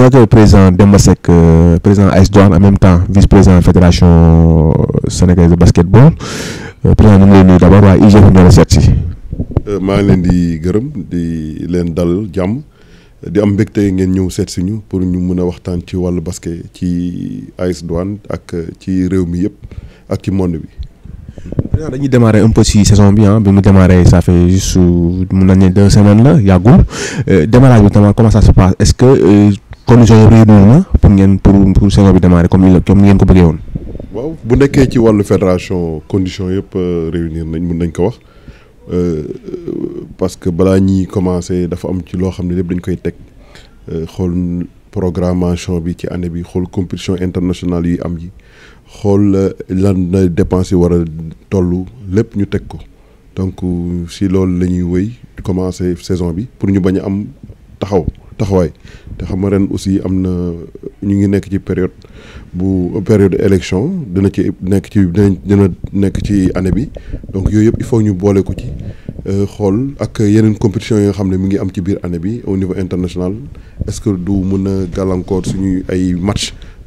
Euh, présent nga le président président en même temps vice président fédération euh, sénégalaise de basket-ball euh, d'abord IGF de la di dal pour ñu basket ci AS Douanes ak ci ak ci monde président démarrer un peu saison bien hein. bi mu démarrer ça fait juste année deux semaines comment ça se passe est-ce que conditions yëpp réunir na pour ngeen pour pour saison bi démarrer comme ni comme ngeen ko bëggee won waaw bu nekkee ci walu fédération conditions yépp euh, réunir nañ mun nañ ko wax euh, euh, parce que bala ñi commencé dafa am ci lo xam lepp dañ koy teg xol programmation bi ci année bi xol compétition internationale yi am yi xol lan la dépense wara tollu lepp ñu teg ko donc si lool lañuy wëy commencer saison bi pour ñu bañ am taxaw taxawaay te xam ren aussi am na ñu ngi nekk ci période bu période élection dina ci nekk ci dina nekk ci année bi donc yooyu yëpp il faut ñu boole ko ci euh, xool ak yeneen compétition yi nga xam ne mi ngi am ci biir année bi au niveau international est-ce que du mun a gàllankoor suñuy ay match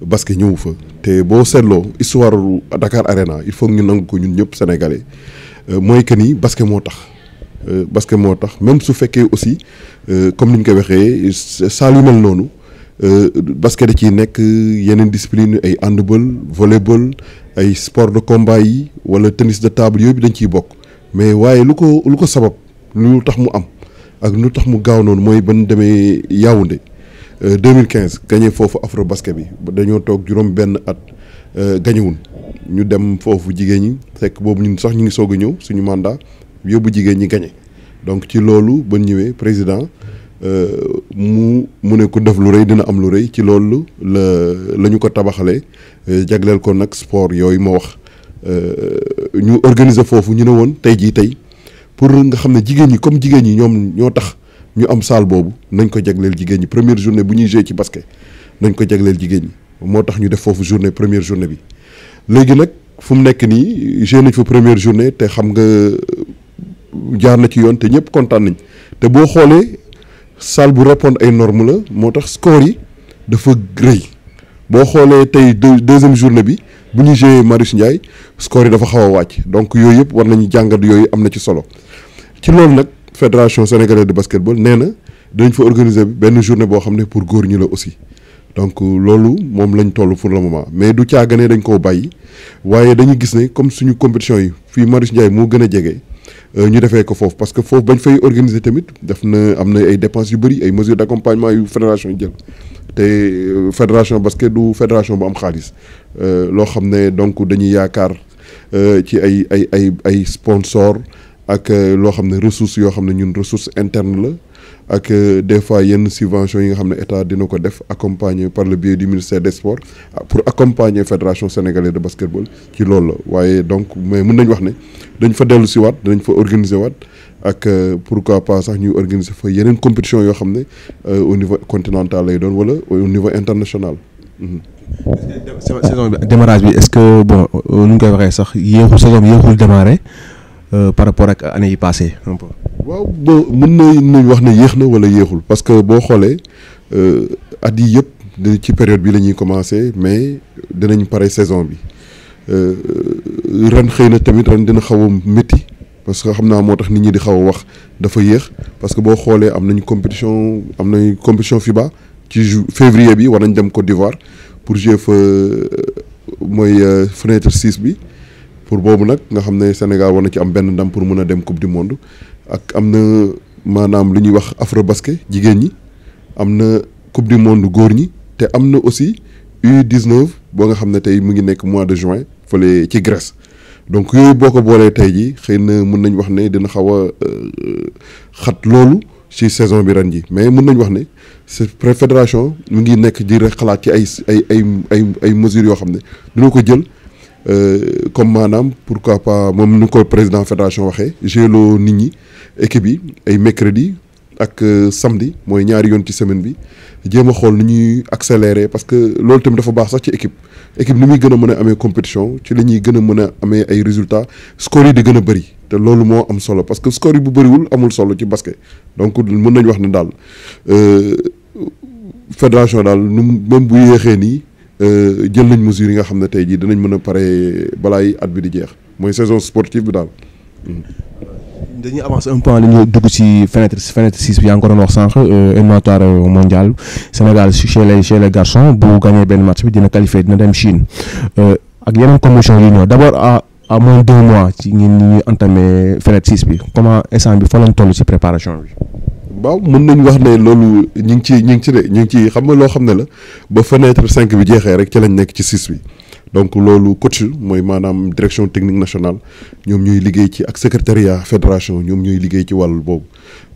basket ñëwu fa bon c'est Dakar Arena il faut que nous sénégalais euh, que ni basket moo euh, même aussi euh, comme ni basket discipline handball volleyball sport de combat ou wala tennis de table dañ mais lu ko lu ko sabab am ak tax mu 2015 euh, gagné fofu afro basket bi dañu tok juroom ben at euh, gagné gañewuñ ñu dem fofu jigéen ñi fekk bobu ñun sax ñu ngi soga ñew suñu mandat yobu jigéen ñi gagné donc ci lolu ba ñëwee président euh, mu mu ne ko def lu rëy dina am lu rëy ci loolu la lañu ko tabaxalee jagleel ko nag sport yooyu ma wax ñu organiser foofu ñu ne woon tey jii tey pour nga xam ne jigéen ñi comme jigéen ñi ñoom ñoo tax ñu am salle bobu nañ ko jagleel jigéen ñi première journée bu ñuy jouer ci basket nañ ko jagleel jigéen ñi motax ñu def fofu journée première journée bi légui nak fum nek ni nii nañ fa première journée té xam nga euh, jaar na ci yoon té ñëpp kontaan nañ té bo xolé salle bu répondre ay normes la motax score yi dafa rëy bo xolé tay deuxième journée bi bu ñu jouer Marius Ndiaye score yi dafa xawa wacc donc yoy yëpp war nañu jàngat yoy am ci solo ci loolu nag fédération sénégalaise de basketball nee na dañ fa organiser benn journée boo xam ne pour góor ñi la aussi donc euh, loolu moom lañ toll pour le moment mais du caaganee dañ koo bàyyi waaye dañu gis ne comme suñu compétition yi fii Marius Ndiaye moo gën a jege euh, ñu defee ko foofu parce que foofu bañ fay organiser tamit def na am na ay dépenses yu bëri ay mesures d'accompagnement yu fédération jël te euh, fédération basket du fédération bu am xaalis loo xam ne donc dañuy yaakaar ci ay ay ay ay sponsor ak euh, loo xam ne ressource yoo xam ne ñun ressources interne la ak euh, des fois yenn subvention yi nga xam ne état dina ko def accompagné par le biais du ministère des sports ah, pour accompagner fédération sénégalaise de basketball ci loolu la waaye donc mais mën nañ wax ne dañ fa dellu si waat dañ fa organiser waat ak euh, pourquoi pas sax ñu organiser fa yeneen compétition yoo xam ne au niveau continental lay doon wala au niveau international mhm. saison bi démarrage bi est-ce que bon nu ñu koy waxee sax yéexul saison bi yéexul démarré euh, par rapport ak année passée un peu. waaw bon mën na nañ wax ne yéex na wala yéexul parce que boo xoolee euh, at yi yëpp ci période bi la ñuy commencé mais danañ pare saison bi euh, ren xëy tamit ren dina xaw a parce que xam naa moo tax nit ñi di xaw a wax dafa yéex parce que boo xoolee am nañ compétition am nañ compétition FIBA ci février bi war nañ dem Côte d'Ivoire pour jouer fa mooy fenêtre 6 bi pour boobu nag nga xam ne Sénégal war na ci am benn ndam pour mën a dem coupe du monde ak am na maanaam lu ñuy wax afrobasket jigéen ñi am na coupe du monde góor ñi te am na aussi U19 boo nga xam ne tey mu ngi nekk mois de juin fële ci Grèce donc yooyu boo ko boolee tey jii xëy na mën nañ wax ne dina xaw a euh, xat loolu ci saison bi ren ji mais mën nañ wax ne c'est fédération mu ngi nekk di rek xalaat ci ay ay ay ay ay mesures yoo xam ne dina ko jël. Euh, comme maanaam pourquoi pas moom ni ko président fédération waxee géeloo nit ñi équipe yi ay mercredi ak euh, samedi mooy ñaari yoon ci semaine bi jéem a xool ni ñuy accélérer parce que loolu tamit dafa baax sax ci équipe équipe ni muy gën a mën a amee compétition ci la ñuy gën a mën ay résultats score yi di gën a bëri te loolu moo am solo parce que score yi bu bëriwul amul solo ci basket donc mën nañ wax ne daal euh, fédération daal nu même bu yéexee nii. Euh, jël nañ mesures yi nga a saison sportive hmm. avancer un peu dugg fenêtre fenêtre six euh, mondial Sénégal chez les chez les garçons bu gagner match bi dina qualifié dina dem Chine euh, ak à moins deux mois comment instant bi préparation waaw mën nañ wax ne loolu ñu ngi ci ñu ngi ci de ñu ngi ci xam nga loo xam ne la ba fenêtre cinq bi jeexee rek ci lañ nekk ci six bi donc loolu coach mooy maanaam direction technique nationale ñoom ñuy liggéey ci ak secrétariat fédération ñoom ñooy liggéey ci wàll boobu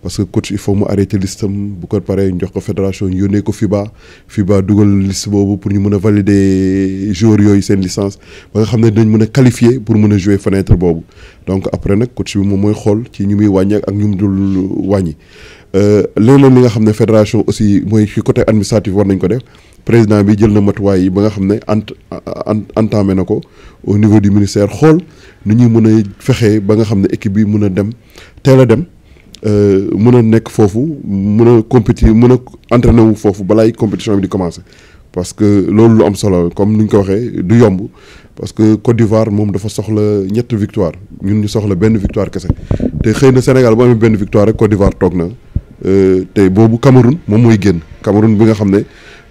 parce que coach il faut mu arrêté listam bu ko paree jox ko fédération yónnee ko FIBA FIBA dugal liste boobu pour ñu mën a valider joueurs yooyu seen licence ba nga xam ne dañ mën a qualifier pour mën a jouer fenêtre boobu donc après nag coach bi moom mooy xool ci ñu muy wàññi ak ñu mu dul wàññi ce euh, li nga fédération aussi côté administratif war président bi jël na au niveau du ministère xool nu ñuy mën a ba nga équipe bi dem euh, entraîné compétition parce que loolu comme nous parce que Côte d'Ivoire moom dafa soxla victoire ñun ñu soxla une victoire kese te Sénégal bu victoire Côte d'Ivoire euh, tay bobu Cameroun mom moy guen Cameroun bi nga xamné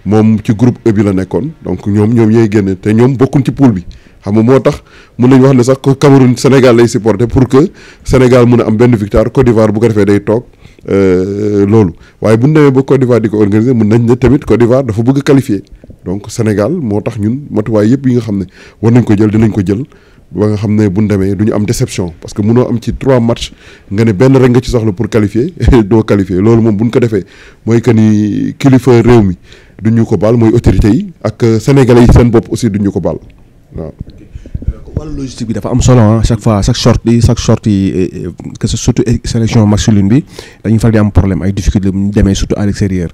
mom ci groupe E bi la nekkoon donc ñom ñom yey guen té ñom bokkuñ ci pool bi xam nga moo tax mun wax ne sax Cameroun Sénégal lay supporter pour que Sénégal mëna am ben victoire Côte d'Ivoire bu ko defee day tok euh lolu waye ñu demee ba Côte d'Ivoire diko organiser mun nañ ne tamit Côte d'Ivoire dafa bëgg qualifier donc Sénégal motax tax ñun matuwaay yépp yi nga xamné war nañ ko jël dinañ ko jël. ba nga xam buñ démé duñu am déception parce que mëno am ci 3 match nga né benn rek nga ci soxlo pour qualifier do qualifier lolu mom buñ ko défé moy que ni kilifa réew mi duñu ko bal moy autorité yi ak sénégalais yi sen bop aussi duñu ko bal wal logistique bi dafa am solo chaque fois chaque short di chaque short yi eh, eh, que ce surtout sélection masculine bi dañuy fal di am problème ay difficulté bu démé surtout à l'extérieur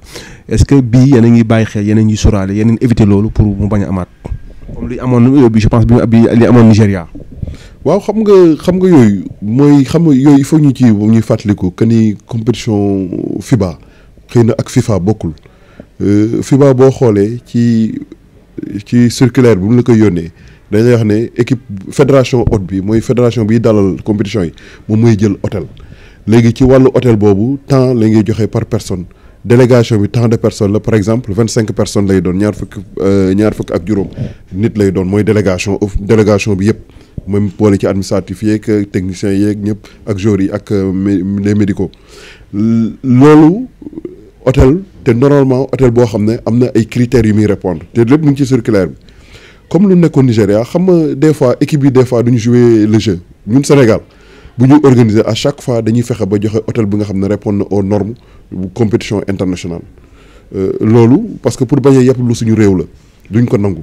est-ce que bi yéen ngi bàyyi xé yéen ngi sóoraale yéen éviter lolu pour mu baña amat comme li amoon bi je pense bi li amoon Nigéria. waaw xam nga xam nga yoy moy xam nga il faut ñu ci ñuy fàttaliku que ni compétition FIBA xeyna ak FIFA bokkul euh, FIBA bo xolé ci ci circulaire bi mu la koy yónnee dañuy wax ne équipe fédération hôte bi mooy fédération bi dalal compétition yi moom mooy jël hôtel léegi ci wàllu hôtel boobu temps la ngay joxe par personne délégation bi tant de personnes la par exemple 25 personnes lay doon ñaar fukk euh, ñaar fukk ak juróom nit lay doon mooy délégation délégation bi yëpp moom boole ci administratif yeeg techniciens yeeg ñëpp ak joueurs yi ak euh, les médicaux loolu hôtel te normalement hôtel boo xam ne am na ay critères yu muy répondre te lépp mu ngi ci circulaire bi comme lu nekkoon Nigeria xam nga des fois équipe bi des fois duñu jouer le jeu ñun Sénégal bu ñu organiser à chaque fois dañuy fexe ba joxe hôtel bi nga xam ne répondre na aux normes de compétition internationale euh, loolu parce que pour bañ a yàpp lu suñu réew la duñ ko nangu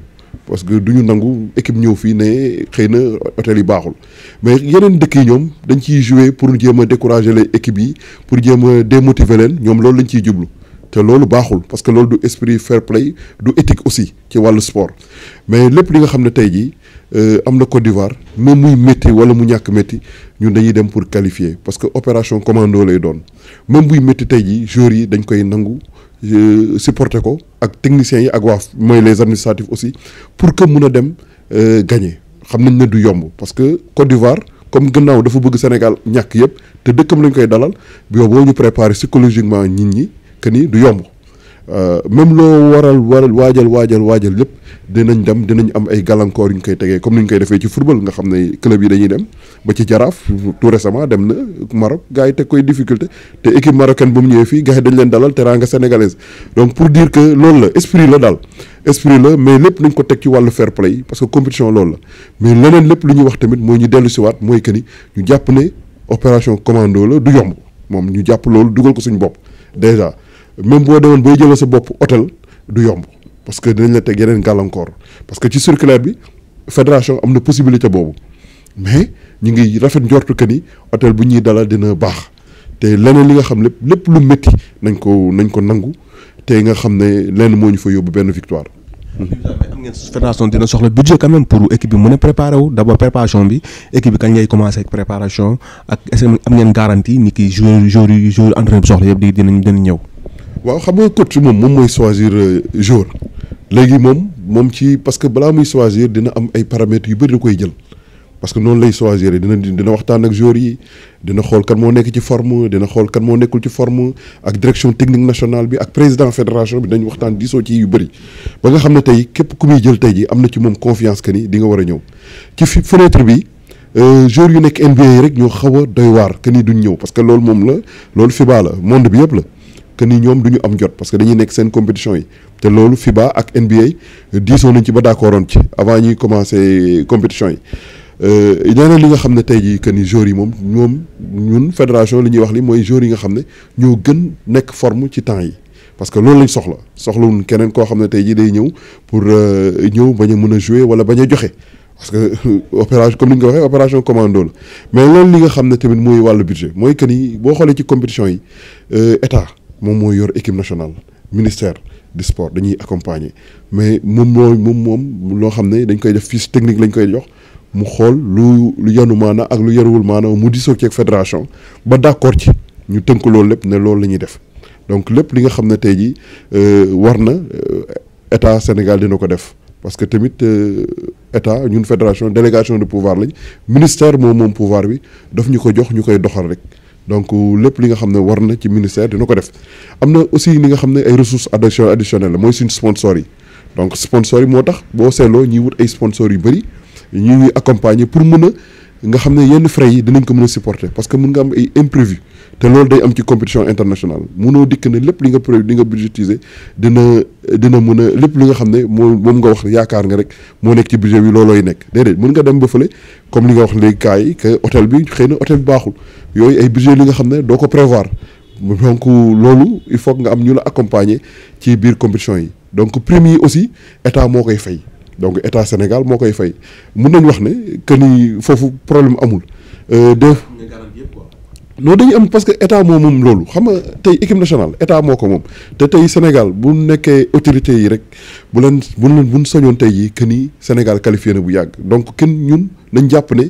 parce que duñu nangu équipe ñëw fii ne xëy na hôtel yi baaxul mais yeneen dëkk yi ñoom dañ ciy jouer pour jéem a décourager les équipes yi pour jéem a démotiver leen ñoom loolu lañ ciy jublu te loolu baaxul parce que loolu du esprit fair play du éthique aussi ci wàllu sport mais lépp li nga xam ne tey jii. Euh, am na Côte d'Ivoire même muy metti wala mu ñak metti ñun dañuy dem pour qualifier parce que opération commando lay doon même muy metti tay ji jour yi dañ koy nangu supporter ko ak technicien yi ak waa mooy les administratifs aussi pour que mun a dem euh, gagner xam nañ ne du yomb parce que Côte d'Ivoire comme gannaaw dafa bëgg Sénégal ñak yëpp te dëkkam lañ koy dalal boobu ñu préparer psychologiquement nit ñi que ni du yomb. Euh, même loo waral waral waajal waajal waajal lépp dinañ dem dinañ am ay gàllankoor yu ñu koy tegee comme ni ñu koy defee ci football nga xam ne club yi dañuy dem ba ci jaraaf tout récemment dem na Maroc gars yi teg koy difficulté te équipe marocaine bu mu ñëwee fii gars yi dañ leen dalal teranga sénégalaise donc pour dire que loolu la esprit la daal esprit la mais lépp nañ ko teg ci wàllu fair play parce que compétition loolu la mais leneen lépp lu ñuy wax tamit mooy ñu dellu waat mooy que ni ñu jàpp ne opération commando la du yomb moom ñu jàpp loolu dugal ko suñu bopp déjà même boo demoon booy jëlee sa bopp hôtel du yomb parce que dinañ la teg yeneen gàllankoor parce que ci circulaire bi fédération am na possibilité boobu mais ñu ngi rafet njortu que ni hôtel bu ñuy dalal dina baax te leneen li nga xam lépp lépp lu métti nañ ko nañ ko nangu te nga xam ne lenn moo ñu fa yóbbu benn victoire. Mmh. am ngeen fédération dina soxla budget quand même pour équipe bi mën a préparé wu d' abord préparation bi équipe bi kañ ngay commencé ak préparation ak est ce am ngeen garantie ni ki joueur joueur joueur entraîneur soxla yëpp di dinañ dinañ ñëw. Oui, xam nga coach le euh, jour parce que balaa muy choisir dina am des paramètres yu des parce que non lay choisir dina ak joueurs yi dina kan des forme dina des kan ci forme direction technique nationale avec le président fédération bi suis waxtaan diisoo ci confiance war fenêtre bi euh, joueurs yu NBA que parce que monde que ni ñoom du ñu am jot parce que dañuy nekk seen compétition yi te loolu FIBA ak NBA diisoo nañ ci ba d'accordoon ci avant ñuy commencé compétition yi euh, leneen li nga xam ne tey jii que ni joueurs yi moom moom ñun fédération li ñuy wax li mooy joueurs yi nga xam ne ñoo gën nekk forme ci temps yi parce que loolu lañ soxla soxlawuñ keneen koo xam ne tey jii day ñëw pour euh, ñëw bañ a mën a jouer wala bañ a joxe parce que opération comme ni ko waxee opération commando la mais loolu li nga xam ne tamit mooy wàllu budget mooy que ni boo xoolee ci compétition yi euh, état. moom mooy yor équipe nationale ministère du sport dañuy accompagner mais moom mooy moom moom loo xam ne dañ koy def fiche technique lañ koy jox mu xool lu lu yanu maana ak lu yaruwul maana mu disoo ci fédération ba d'accord ci ñu tënk loolu lépp ne loolu la ñuy def donc lépp li nga xam ne tey jii euh, war na euh, état Sénégal dina ko def parce que tamit euh, état ñun fédération délégation de pouvoir lañ ministère moom moom pouvoir bi daf ñu ko jox ñu koy doxal rek donc euh, lépp li nga xam ne war na ci ministère dina ko def am na aussi li nga xam ne ay ressources addition additionnelles mooy suñ sponsor yi donc sponsor yi moo tax boo seetloo ñuy wut ay sponsor yu bëri ñuy accompagner pour mën a nga xam ne yenn frais yi dinañ ko mën a supporter parce que mun nga am ay imprévu te loolu day am ci compétition internationale munoo dikk ne lépp li nga prévu li nga budgétiser dina dina mun a lépp li nga xam ne moo moom nga wax yaakaar nga rek moo nekk ci budget bi loolooy nekk déedéet mun nga dem ba fële comme li nga wax léegi cas que hôtel bi xëy na hôtel bi baaxul yooyu ay budget li nga xam ne doo ko prévoir donc loolu il faut nga am ñu la accompagner ci biir compétition yi donc prime yi aussi état moo koy fay donc état Sénégal c'est fay wax que ni fofu problème amul. Euh, de non parce que état mo mom lolu xam nga tay équipe nationale état moko mom te Sénégal bu nekké autorité yi rek bu len bu bu que ni Sénégal qualifié bu donc nous, ñun nañ japp ne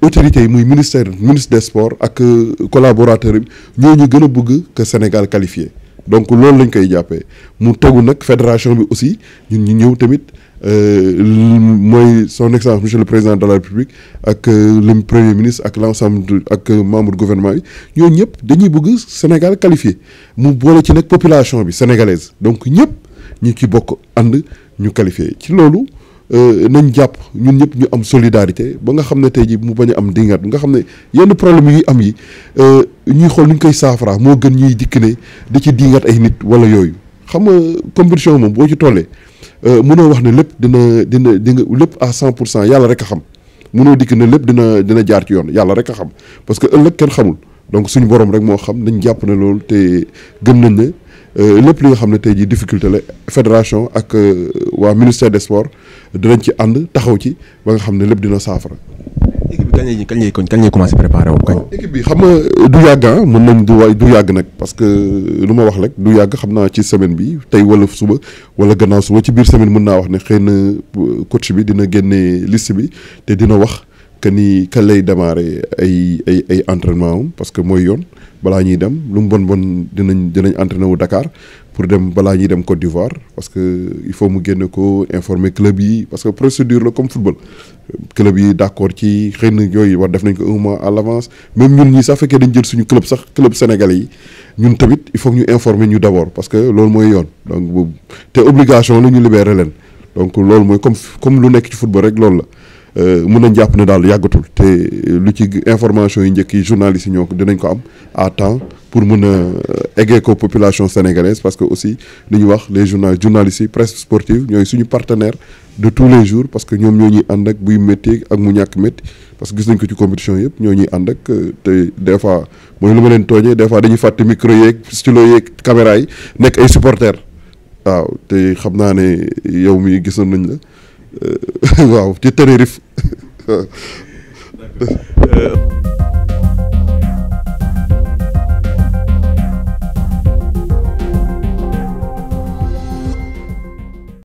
autorité ministère ministre des sports ak euh, collaborateur Nous ñoo ñu gëna bëgg que Sénégal qualifié donc loolu lañ koy Nous mu tegu nag fédération bi aussi ñun ñëw euh, son excellence monsieur le président de la république ak euh, le premier ministre ak l'ensemble ak euh, membre gouvernement bi ñooñu ñëpp dañuy bëgg Sénégal qualifié mu boole ci nag population sénégalaise donc ñëpp ñu bokk qualifié Euh, nañ jàpp ñun ñëpp ñu am solidarité ba nga xam ne tey jii mu bañ a am dingat nga xam ne yenn problème yi am yi euh, ñuy xool nu ñu koy saafara moo gën ñuy dikk ne di ci dingat ay nit wala yooyu xam nga compétition moom boo ci tollee euh, mënoo wax ne lépp dina dina di nga lépp à cent pour cent yàlla a xam mënoo dikk ne lépp dina dina jaar ci yoon yàlla rek a xam parce que ëllëg kenn xamul donc suñu borom rek moo xam nañ jàpp ne loolu te gën nañ ne Euh, lépp li nga xam difficulté la fédération euh, ministère des sports ci taxaw ci nga ne dina équipe bi préparer équipe bi xam nga euh, du ah, mën nañ du du parce que lu wax rek du semaine bi wala suba wala suba ci biir semaine mën liste bi dina wax que ni lay démarrer ay ay entraînement que balaa ñuy dem lu mu bon bon dinañ dinañ entraîné wu Dakar pour dem balaa ñuy dem Côte d'Ivoire parce que il faut mu génne ko informer club yi parce que procédure la comme football club yi d'accord ci xëy na yooyu war def nañ ko un mois à l'avance même ñun ñi sax fekkee dañ jël suñu club sax club sénégalais yi ñun tamit il faut ñu informer ñu d'abord parce que loolu mooy yoon donc boobu te obligation la ñu libérer leen donc loolu mooy comme comme lu nekk ci football rek loolu la Euh, mun a jàpp ne daal yàggatul te euh, lu ci information yi njëkk yi journalistes yi ñoo dinañ ko am à temps pour mën a euh, eggee ko population sénégalaise parce que aussi li ñu wax les journal journalistes yi presse sportive ñooy suñu partenaire de tous les jours parce que ñoom ñoo ñuy ànd ak buy métti ak mu ñàkk métti parce que gis nañ ko ci compétition yëpp ñoo ñuy ànd ak te des fois mooy lu ma leen tooñee des fois dañuy fàtte micro yeeg stylo yeeg caméra yi nekk ay supporters te xam naa ne yow mi gisoon nañ la waaw D'accord. Uh,